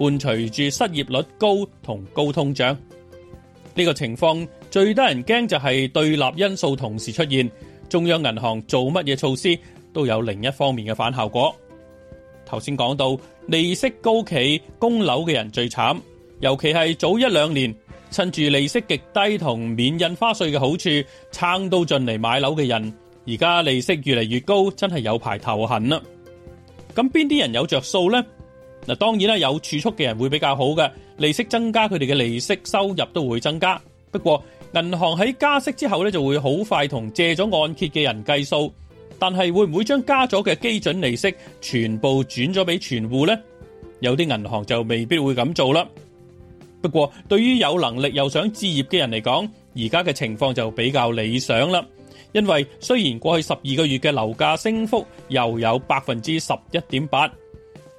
伴隨住失業率高同高通脹，呢個情況最得人驚就係對立因素同時出現，中央銀行做乜嘢措施都有另一方面嘅反效果。頭先講到利息高企，供樓嘅人最慘，尤其係早一兩年趁住利息極低同免印花稅嘅好處撐到進嚟買樓嘅人，而家利息越嚟越高，真係有排頭痕啦。咁邊啲人有着數呢？嗱，當然啦，有儲蓄嘅人會比較好嘅，利息增加，佢哋嘅利息收入都會增加。不過，銀行喺加息之後咧，就會好快同借咗按揭嘅人計數，但係會唔會將加咗嘅基準利息全部轉咗俾存戶呢？有啲銀行就未必會咁做啦。不過，對於有能力又想置業嘅人嚟講，而家嘅情況就比較理想啦。因為雖然過去十二個月嘅樓價升幅又有百分之十一點八。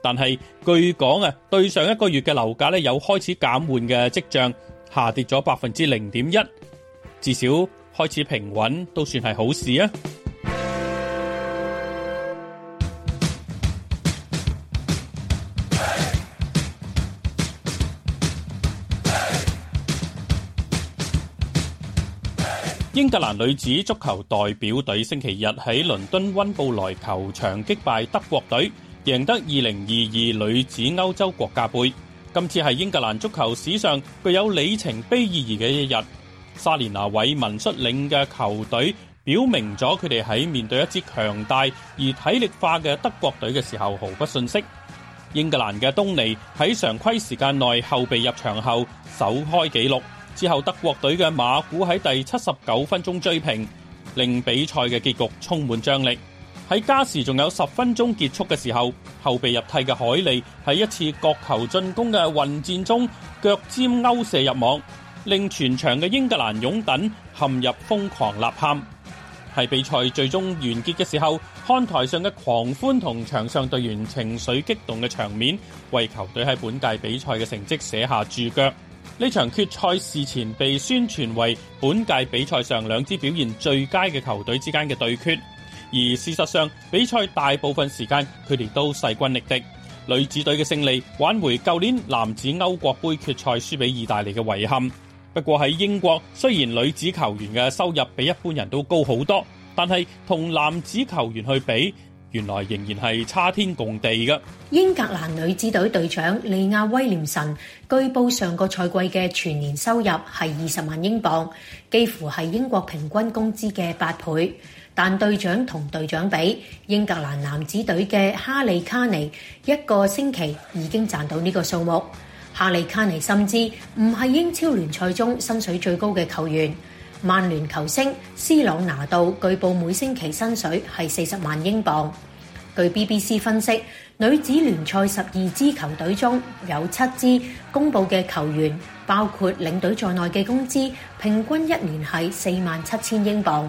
但係，據講啊，對上一個月嘅樓價咧，有開始減緩嘅跡象，下跌咗百分之零點一，至少開始平穩，都算係好事啊！英格蘭女子足球代表隊星期日喺倫敦溫布萊球場擊敗德國隊。贏得2022女子歐洲國家杯，今次係英格蘭足球史上具有里程碑意義嘅一日。沙連拿韋文率領嘅球隊表明咗佢哋喺面對一支強大而體力化嘅德國隊嘅時候毫不遜色。英格蘭嘅東尼喺常規時間內後備入場後首開紀錄，之後德國隊嘅馬古喺第七十九分鐘追平，令比賽嘅結局充滿張力。喺加時仲有十分鐘結束嘅時候，後備入替嘅海利喺一次角球進攻嘅混戰中，腳尖勾射入網，令全場嘅英格蘭擁躉陷入瘋狂吶喊。喺比賽最終完結嘅時候，看台上嘅狂歡同場上隊員情緒激動嘅場面，為球隊喺本屆比賽嘅成績寫下注腳。呢場決賽事前被宣傳為本屆比賽上兩支表現最佳嘅球隊之間嘅對決。而事實上，比賽大部分時間佢哋都勢均力敵。女子隊嘅勝利挽回舊年男子歐國杯決賽輸俾意大利嘅遺憾。不過喺英國，雖然女子球員嘅收入比一般人都高好多，但係同男子球員去比，原來仍然係差天共地嘅。英格蘭女子隊隊長利亞威廉臣據報，上個賽季嘅全年收入係二十萬英鎊，幾乎係英國平均工資嘅八倍。但隊長同隊長比，英格蘭男子隊嘅哈利卡尼一個星期已經賺到呢個數目。哈利卡尼甚至唔係英超聯賽中薪水最高嘅球員。曼聯球星斯朗拿度據報每星期薪水係四十萬英鎊。據 BBC 分析，女子聯賽十二支球隊中有七支公布嘅球員，包括領隊在內嘅工資，平均一年係四萬七千英鎊。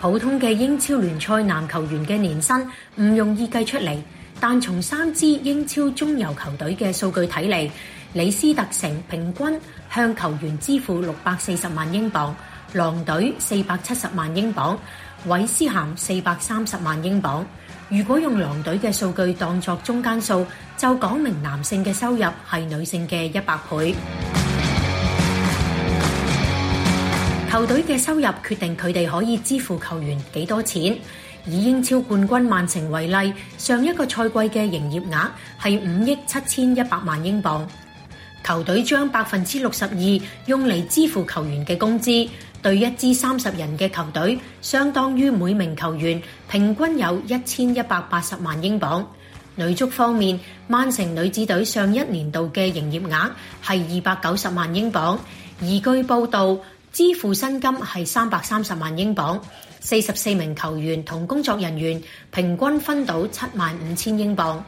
普通嘅英超聯賽男球員嘅年薪唔容易計出嚟，但從三支英超中游球隊嘅數據睇嚟，李斯特城平均向球員支付六百四十萬英鎊，狼隊四百七十萬英鎊，韋斯咸四百三十萬英鎊。如果用狼隊嘅數據當作中間數，就講明男性嘅收入係女性嘅一百倍。球隊嘅收入決定佢哋可以支付球員幾多錢。以英超冠軍曼城為例，上一個賽季嘅營業額係五億七千一百萬英鎊。球隊將百分之六十二用嚟支付球員嘅工資，對一支三十人嘅球隊，相當於每名球員平均有一千一百八十萬英鎊。女足方面，曼城女子隊上一年度嘅營業額係二百九十萬英鎊，而據報道，支付薪金係三百三十萬英鎊，四十四名球員同工作人員平均分到七萬五千英鎊。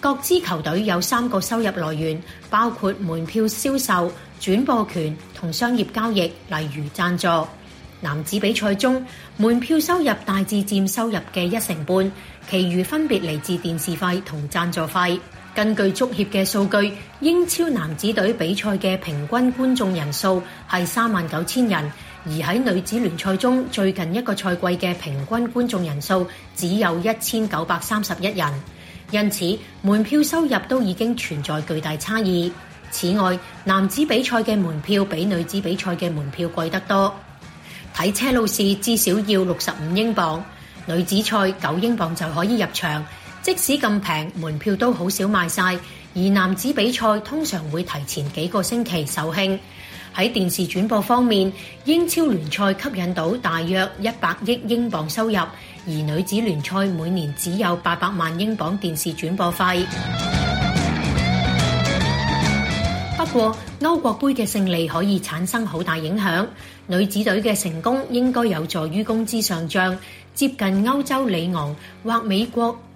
各支球隊有三個收入來源，包括門票銷售、轉播權同商業交易，例如贊助。男子比賽中，門票收入大致佔收入嘅一成半，其餘分別嚟自電視費同贊助費。根據足協嘅數據，英超男子隊比賽嘅平均觀眾人數係三萬九千人，而喺女子聯賽中，最近一個賽季嘅平均觀眾人數只有一千九百三十一人。因此，門票收入都已經存在巨大差異。此外，男子比賽嘅門票比女子比賽嘅門票貴得多。睇車路士至少要六十五英鎊，女子賽九英鎊就可以入場。即使咁平，門票都好少賣晒。而男子比賽通常會提前幾個星期售罄。喺電視轉播方面，英超聯賽吸引到大約一百億英鎊收入，而女子聯賽每年只有八百萬英鎊電視轉播費。 *music* 不過，歐國杯嘅勝利可以產生好大影響，女子隊嘅成功應該有助於工資上漲，接近歐洲里昂或美國。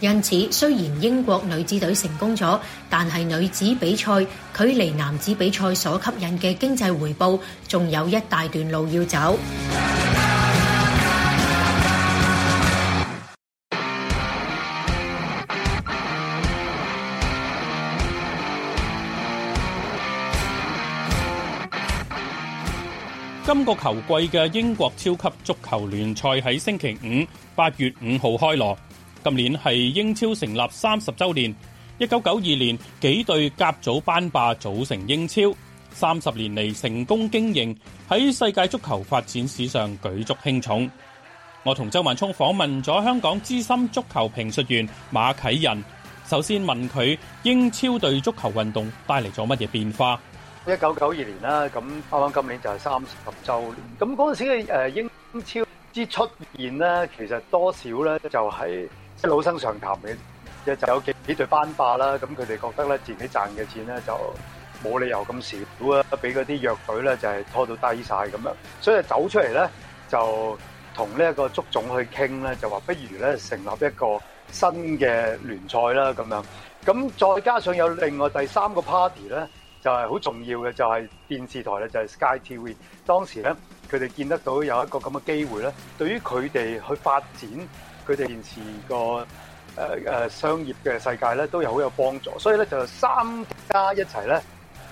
因此，雖然英國女子隊成功咗，但係女子比賽距離男子比賽所吸引嘅經濟回報，仲有一大段路要走。今個球季嘅英國超級足球聯賽喺星期五八月五號開鑼。今年係英超成立三十週年，一九九二年幾隊甲組班霸組成英超，三十年嚟成功經營，喺世界足球發展史上舉足輕重。我同周文聰訪問咗香港資深足球評述員馬啟仁，首先問佢英超對足球運動帶嚟咗乜嘢變化？一九九二年啦，咁啱啱今年就係三十週年，咁嗰陣時嘅誒英超之出現咧，其實多少咧就係。即係老生常談嘅，即係有幾幾隊班霸啦，咁佢哋覺得咧自己賺嘅錢咧就冇理由咁少啊，俾嗰啲弱隊咧就係拖到低晒。咁樣，所以走出嚟咧就同呢一個足總去傾咧，就話不如咧成立一個新嘅聯賽啦咁樣。咁再加上有另外第三個 party 咧，就係好重要嘅，就係電視台咧就係、是、Sky TV。當時咧佢哋見得到有一個咁嘅機會咧，對於佢哋去發展。佢哋現時個誒誒商業嘅世界咧，都有好有幫助，所以咧就三家一齊咧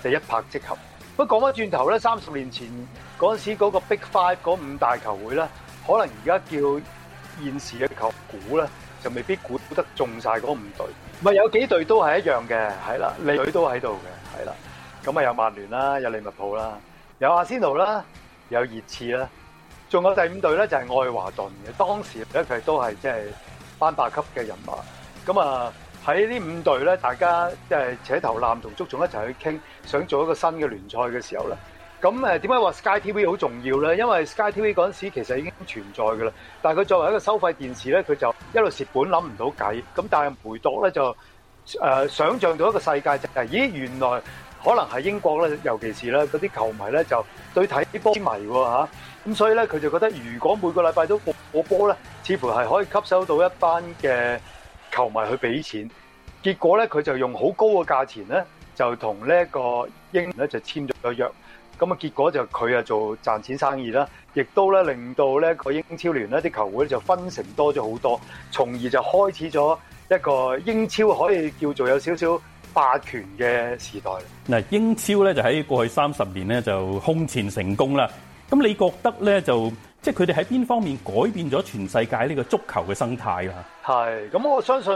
就一拍即合。不過講返轉頭咧，三十年前嗰陣時嗰個 Big Five 嗰五大球會咧，可能而家叫現時嘅球股咧，就未必估得中晒嗰五隊。唔係有幾隊都係一樣嘅，係啦，你隊都喺度嘅，係啦。咁啊有曼聯啦，有利物浦啦，有阿仙奴啦，有熱刺啦。仲有第五隊咧，就係、是、愛華頓嘅。當時咧，佢都係即係班霸級嘅人馬。咁啊，喺呢五隊咧，大家即係扯頭纜同足總一齊去傾，想做一個新嘅聯賽嘅時候啦。咁誒點解話 Sky TV 好重要咧？因為 Sky TV 嗰陣時其實已經存在㗎啦，但係佢作為一個收費電視咧，佢就一路蝕本，諗唔到計咁。但係梅鐸咧就誒想像到一個世界就係、是、咦，原來可能係英國咧，尤其是咧嗰啲球迷咧，就對睇波迷喎。咁所以咧，佢就覺得如果每個禮拜都播播波咧，似乎係可以吸收到一班嘅球迷去俾錢。結果咧，佢就用好高嘅價錢咧，就同呢一個英咧就簽咗個約。咁啊，結果就佢啊做賺錢生意啦，亦都咧令到呢個英超聯呢啲球會咧就分成多咗好多，從而就開始咗一個英超可以叫做有少少霸權嘅時代。嗱，英超咧就喺過去三十年咧就空前成功啦。咁你覺得咧就即係佢哋喺邊方面改變咗全世界呢個足球嘅生態啊？係。咁我相信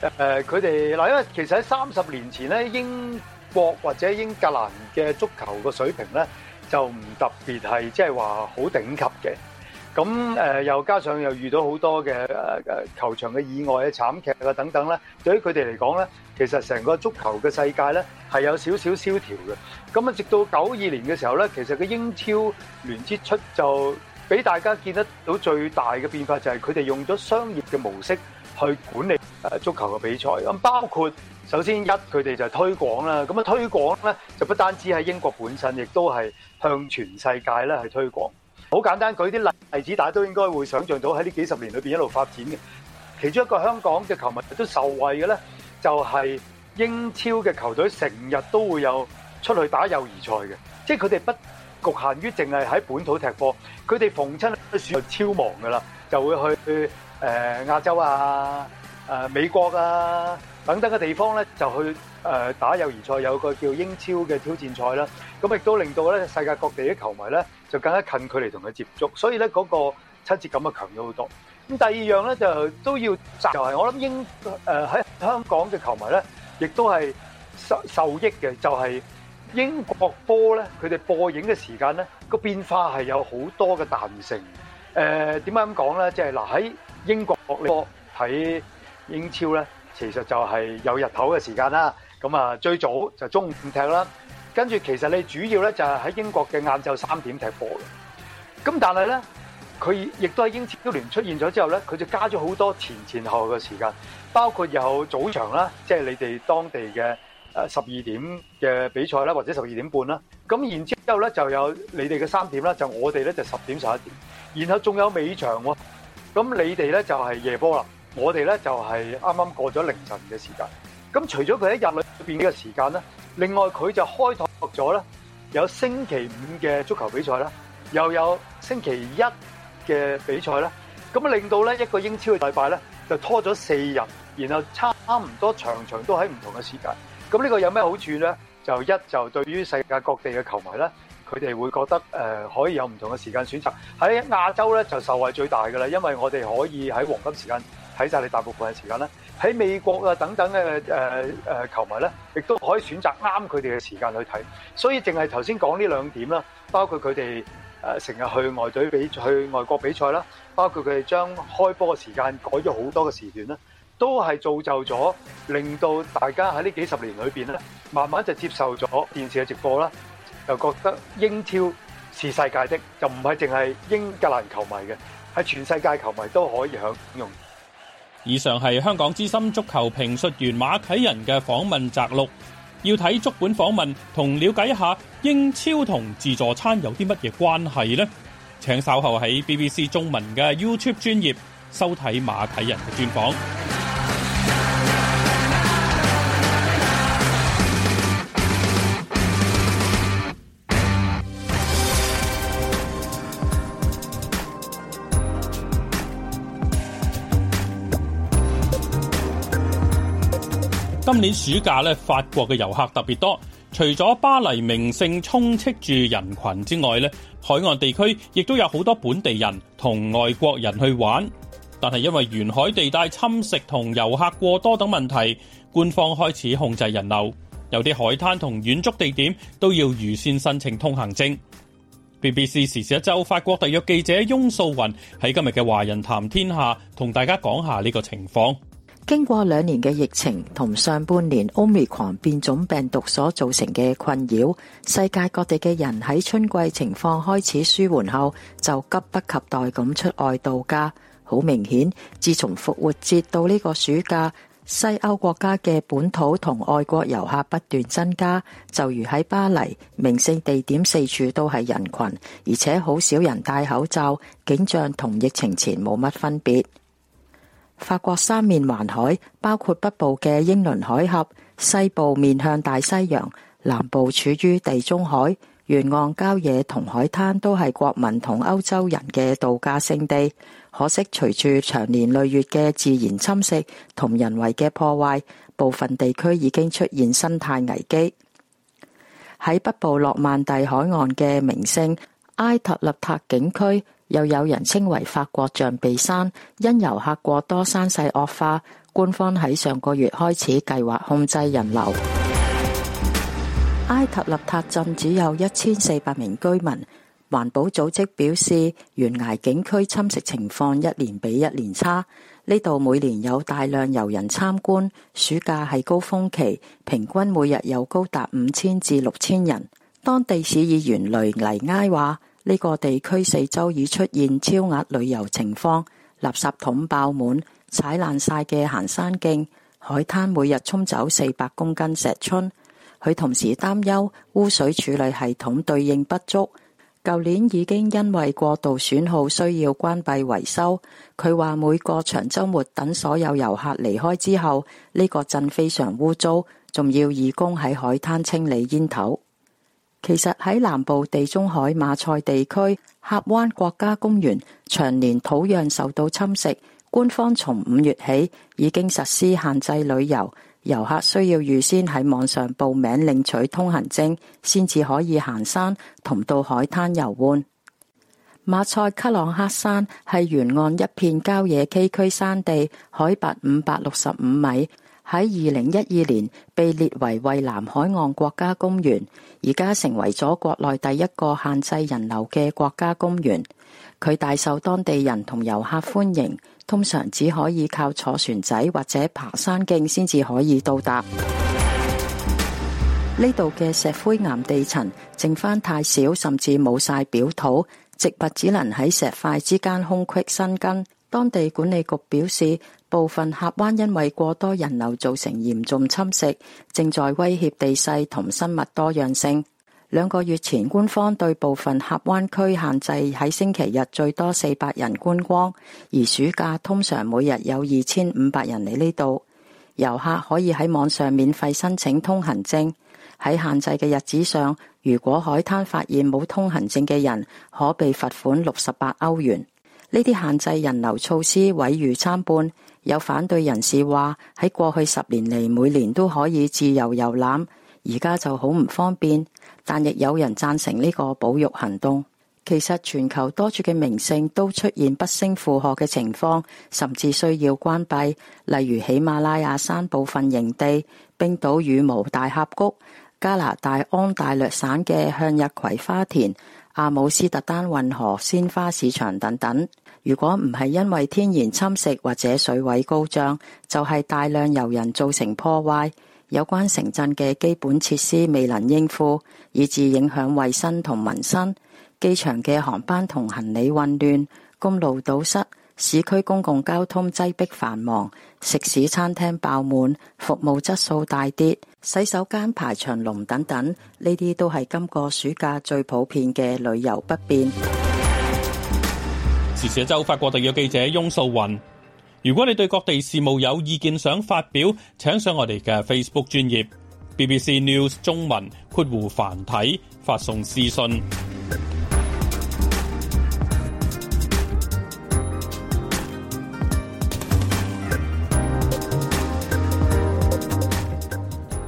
誒，佢哋嗱，因為其實喺三十年前咧，英國或者英格蘭嘅足球個水平咧就唔特別係即係話好頂級嘅。咁誒、呃，又加上又遇到好多嘅誒誒球場嘅意外啊、慘劇啊等等咧，對於佢哋嚟講咧，其實成個足球嘅世界咧係有少少蕭條嘅。咁啊，直到九二年嘅時候咧，其實個英超聯接出就俾大家見得到最大嘅變化，就係佢哋用咗商業嘅模式去管理誒足球嘅比賽。咁包括首先一，佢哋就係推廣啦。咁啊，推廣咧就不單止喺英國本身，亦都係向全世界咧係推廣。好簡單，舉啲例例子，大家都應該會想象到喺呢幾十年裏邊一路發展嘅。其中一個香港嘅球迷都受惠嘅咧，就係英超嘅球隊成日都會有出去打友誼賽嘅，即係佢哋不局限於淨係喺本土踢波，佢哋逢親選超忙噶啦，就會去誒、呃、亞洲啊、誒、呃、美國啊等等嘅地方咧，就去誒、呃、打友誼賽，有個叫英超嘅挑戰賽啦。咁亦都令到咧世界各地嘅球迷咧，就更加近距離同佢接觸，所以咧嗰、那個親切感啊強咗好多。咁第二樣咧就都要就係我諗英誒喺、呃、香港嘅球迷咧，亦都係受受益嘅，就係、是。英國波咧，佢哋播映嘅時間咧個變化係有好多嘅彈性。誒、呃，點解咁講咧？即係嗱喺英國波睇英超咧，其實就係有日頭嘅時間啦。咁啊，最早就中午踢啦，跟住其實你主要咧就係喺英國嘅晏晝三點踢波嘅。咁但係咧，佢亦都喺英超聯出現咗之後咧，佢就加咗好多前前後後嘅時間，包括有早場啦，即係你哋當地嘅。誒十二點嘅比賽啦，或者十二點半啦。咁然之後咧，就有你哋嘅三點啦，就我哋咧就十點十一點。然後仲有尾場喎，咁你哋咧就係夜波啦，我哋咧就係啱啱過咗凌晨嘅時間。咁除咗佢喺日裏邊嘅時間咧，另外佢就開拓咗咧有星期五嘅足球比賽啦，又有星期一嘅比賽啦。咁令到咧一個英超嘅禮拜咧就拖咗四日，然後差唔多場場都喺唔同嘅時間。咁呢個有咩好處呢？就一就對於世界各地嘅球迷呢，佢哋會覺得誒、呃、可以有唔同嘅時間選擇。喺亞洲呢，就受惠最大噶啦，因為我哋可以喺黃金時間睇晒你大部分嘅時間啦。喺美國啊等等嘅誒誒球迷呢，亦都可以選擇啱佢哋嘅時間去睇。所以淨係頭先講呢兩點啦，包括佢哋誒成日去外隊比去外國比賽啦，包括佢哋將開波嘅時間改咗好多嘅時段啦。都係造就咗，令到大家喺呢幾十年裏邊咧，慢慢就接受咗電視嘅直播啦，又覺得英超是世界的，就唔係淨係英格蘭球迷嘅，喺全世界球迷都可以享用。以上係香港資深足球評述員馬啟仁嘅訪問摘錄。要睇足本訪問同了解一下英超同自助餐有啲乜嘢關係呢？請稍後喺 BBC 中文嘅 YouTube 專頁收睇馬啟仁嘅專訪。今年暑假咧，法國嘅遊客特別多。除咗巴黎名勝充斥住人群之外咧，海岸地區亦都有好多本地人同外國人去玩。但係因為沿海地帶侵蝕同遊客過多等問題，官方開始控制人流。有啲海灘同遠足地點都要預先申請通行證。BBC 時事一周，法國特約記者翁素云喺今日嘅華人談天下同大家講下呢個情況。經過兩年嘅疫情同上半年 Omicron 變種病毒所造成嘅困擾，世界各地嘅人喺春季情況開始舒緩後，就急不及待咁出外度假。好明顯，自從復活節到呢個暑假，西歐國家嘅本土同外國遊客不斷增加。就如喺巴黎，名勝地點四處都係人群，而且好少人戴口罩，景象同疫情前冇乜分別。法國三面環海，包括北部嘅英倫海峽，西部面向大西洋，南部處於地中海沿岸，郊野同海灘都係國民同歐洲人嘅度假勝地。可惜隨住長年累月嘅自然侵蝕同人為嘅破壞，部分地區已經出現生態危機。喺北部諾曼第海岸嘅名勝埃特勒塔景區又有人稱為法國象鼻山，因遊客過多，山勢惡化。官方喺上個月開始計劃控制人流。埃特勒塔鎮只有一千四百名居民，環保組織表示，懸崖景區侵蝕情況一年比一年差。呢度每年有大量遊人參觀，暑假係高峰期，平均每日有高達五千至六千人。當地市議員雷尼埃話。呢個地區四周已出現超額旅遊情況，垃圾桶爆滿，踩爛晒嘅行山徑，海灘每日沖走四百公斤石春。佢同時擔憂污水處理系統對應不足，舊年已經因為過度損耗需要關閉維修。佢話每個長週末等所有遊客離開之後，呢個鎮非常污糟，仲要義工喺海灘清理煙頭。其實喺南部地中海馬賽地區，峽灣國家公園長年土壤受到侵蝕，官方從五月起已經實施限制旅遊，遊客需要預先喺網上報名領取通行證，先至可以行山同到海灘遊玩。馬賽卡朗克山係沿岸一片郊野崎嶇山地，海拔五百六十五米。喺二零一二年被列為蔚藍海岸國家公園，而家成為咗國內第一個限制人流嘅國家公園。佢大受當地人同遊客歡迎，通常只可以靠坐船仔或者爬山徑先至可以到達。呢度嘅石灰岩地層剩翻太少，甚至冇晒表土，植物只能喺石塊之間空隙生根。當地管理局表示，部分峽灣因為過多人流造成嚴重侵蝕，正在威脅地勢同生物多樣性。兩個月前，官方對部分峽灣區限制喺星期日最多四百人觀光，而暑假通常每日有二千五百人嚟呢度。遊客可以喺網上免費申請通行證。喺限制嘅日子上，如果海灘發現冇通行證嘅人，可被罰款六十八歐元。呢啲限制人流措施毀譽參半，有反對人士話喺過去十年嚟，每年都可以自由遊覽，而家就好唔方便。但亦有人贊成呢個保育行動。其實全球多處嘅名勝都出現不勝負荷嘅情況，甚至需要關閉，例如喜馬拉雅山部分營地、冰島羽毛大峽谷、加拿大安大略省嘅向日葵花田、阿姆斯特丹運河鮮花市場等等。如果唔係因為天然侵蝕或者水位高漲，就係大量遊人造成破壞，有關城鎮嘅基本設施未能應付，以致影響衛生同民生。機場嘅航班同行李混亂，公路堵塞，市區公共交通擠迫繁忙，食肆餐廳爆滿，服務質素大跌，洗手間排長龍等等，呢啲都係今個暑假最普遍嘅旅遊不便。時事一周，法國特約記者翁素雲。如果你對各地事務有意見想發表，請上我哋嘅 Facebook 專頁 BBC News 中文括弧繁體發送私信。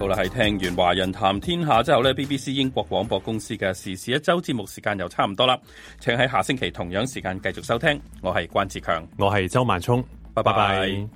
我哋係聽完《華人談天下》之後呢 BBC 英國廣播公司嘅時事一周節目時間又差唔多啦，請喺下星期同樣時間繼續收聽。我係關志強，我係周萬聰，拜拜。